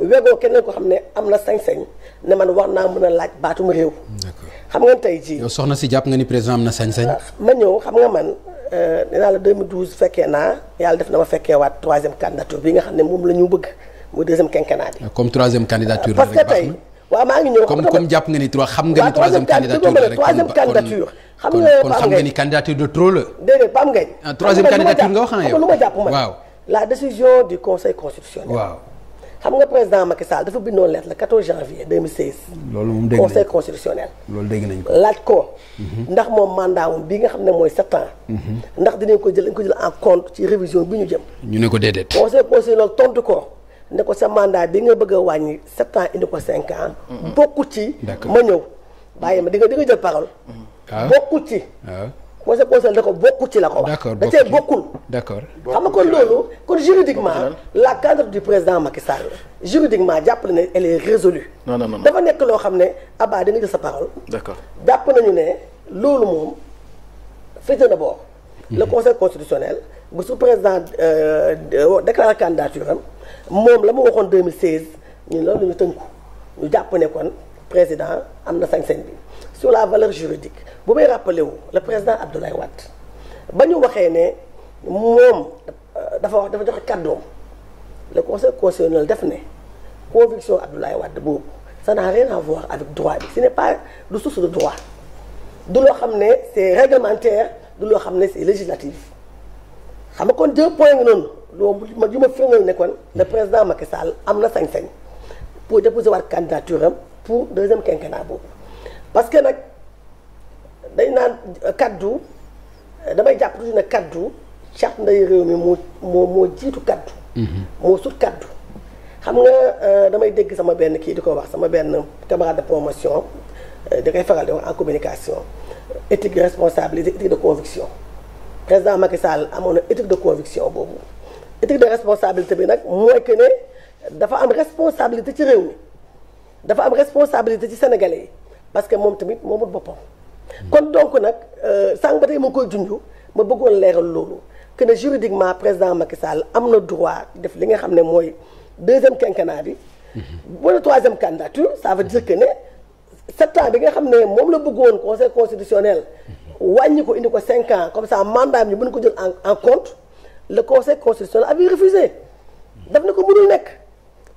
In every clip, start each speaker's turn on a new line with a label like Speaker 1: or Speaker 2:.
Speaker 1: wego kenen ko ne sañ-sañ ne man mëna laaj xam
Speaker 2: nga président sañ-sañ. Ah,
Speaker 1: ma xam nga man euh, la 2012 def na ma troisième candidature bi nga mom lañu la bëgg deuxième quinquennat
Speaker 2: comme troisième candidature
Speaker 1: comme
Speaker 2: comme troisième candidature Comme troisième candidature de
Speaker 1: ah, troisième candidature la décision du conseil constitutionnel xam nga président Macky Sall dafa bindoon lettre le 14 janvier 2016.
Speaker 2: loolu moom dégg nañ conseil
Speaker 1: constitutionnel. loolu dégg nañ ko laaj ko. Mhm. ndax moom mandat moom bii nga xam ne mooy sept ans. Mhm. ndax dinañ ko jël dañ ko jël en compte ci révision bi ñu jëm.
Speaker 2: ñu ne ko déedéet.
Speaker 1: conseil constitutionnel tontu ko ne ko sa mandat bi nga bëgg a wàññi sept ans indi ko cinq ans. Mhm. bokku ci. ma ñëw bàyyi ma di nga di nga jël parole. Ah. bokku ci. Ah. c'est conseil da ko beaucoup ci la ko d'accord d'accord xam nga kon loolu kon juridiquement la cadre du président Macky Sall juridiquement jàpp elle est résolue non non non dafa nekk que l'on ne à bas de sa parole d'accord d'après nañu ne loolu moom féete le mhm. conseil constitutionnel bu sous président euh, euh, la candidature am l'amour la en 2016 nous loolu la ñu tënku ñu président Amna sur la valeur juridique Vous may rappelé le président Abdoulaye Wade bañu waxé né mom euh, dafa wax dafa joxe le conseil constitutionnel def né conviction Abdoulaye Wade ça n'a rien à voir avec droit ce n'est pas du source de droit du lo xamné c'est réglementaire du lo xamné c'est législatif xam vous deux points non, le président Macky Sall a na sañ pour déposer votre candidature pour deuxième quinquennat boobu parce que nag dañ naan euh, kaddu euh, damay jàpp toujours ne kaddu charte nday réew mi moo moo moo jiitu kaddu. Mhm. moo sut kaddu. xam nga euh, damay dégg sama benn kii di ko wax sama benn camarade de promotion da koy faral en communication éthique de responsabilité éthique de conviction président Macky Sall amoon na éthique de conviction boobu éthique de responsabilité bi nag mooy que ne dafa am responsabilité ci réew dafa am responsabilité ci sénégalais parce que mom tamit momul boppam. kon donc nak euh sang batay mako koy ma bëggoon l'air lolu que ne juridiquement président Macky Sall am droit def li nga xamné moy deuxième quinquennat bi. Mhm. wala troisième candidature ça veut dire que ne sept ans bi nga xamné mom la conseil constitutionnel wàññi ko indi ko cinq ans comme ça mandat bi ñu ko jël en compte le conseil constitutionnel avait refusé daf na ko mënul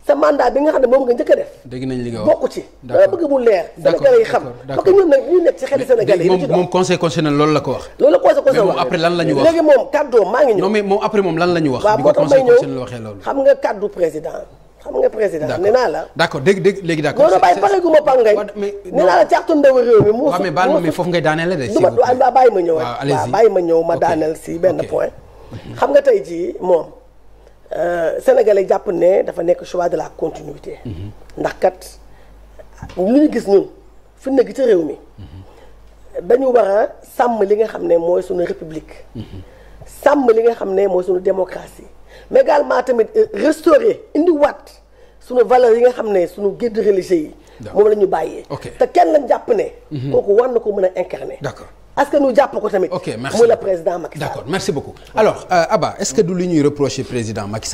Speaker 1: sa mandat bi nga xam ne moom nga njëkk a def.
Speaker 2: dégg nañ li nga wax bokk
Speaker 1: ci. dama bëgg mu leer. Sénégalais yi moom la ko wax. loolu la conseil constitutionnel wax mais moom après lan maa ngi ñëw. moom après moom lan la wax. waaw d'
Speaker 2: accord dégg dégg léegi ma
Speaker 1: bàyyi ma ñëw ma daaneel si benn point. xam nga tey jii moom Euh, sénégalais japonais ne dafa choix de la continuité. ndax kat ñu gis ñun fi nek ci réew dañu a li nga ne république. la li nga moy démocratie mais également tamit euh, restaurer wat valeurs yi nga religieux yi est que nous que ko tamit. ok merci pour le président Macky
Speaker 2: d'accord merci beaucoup alors euh, Abba est-ce que nous lu ñuy le président Macky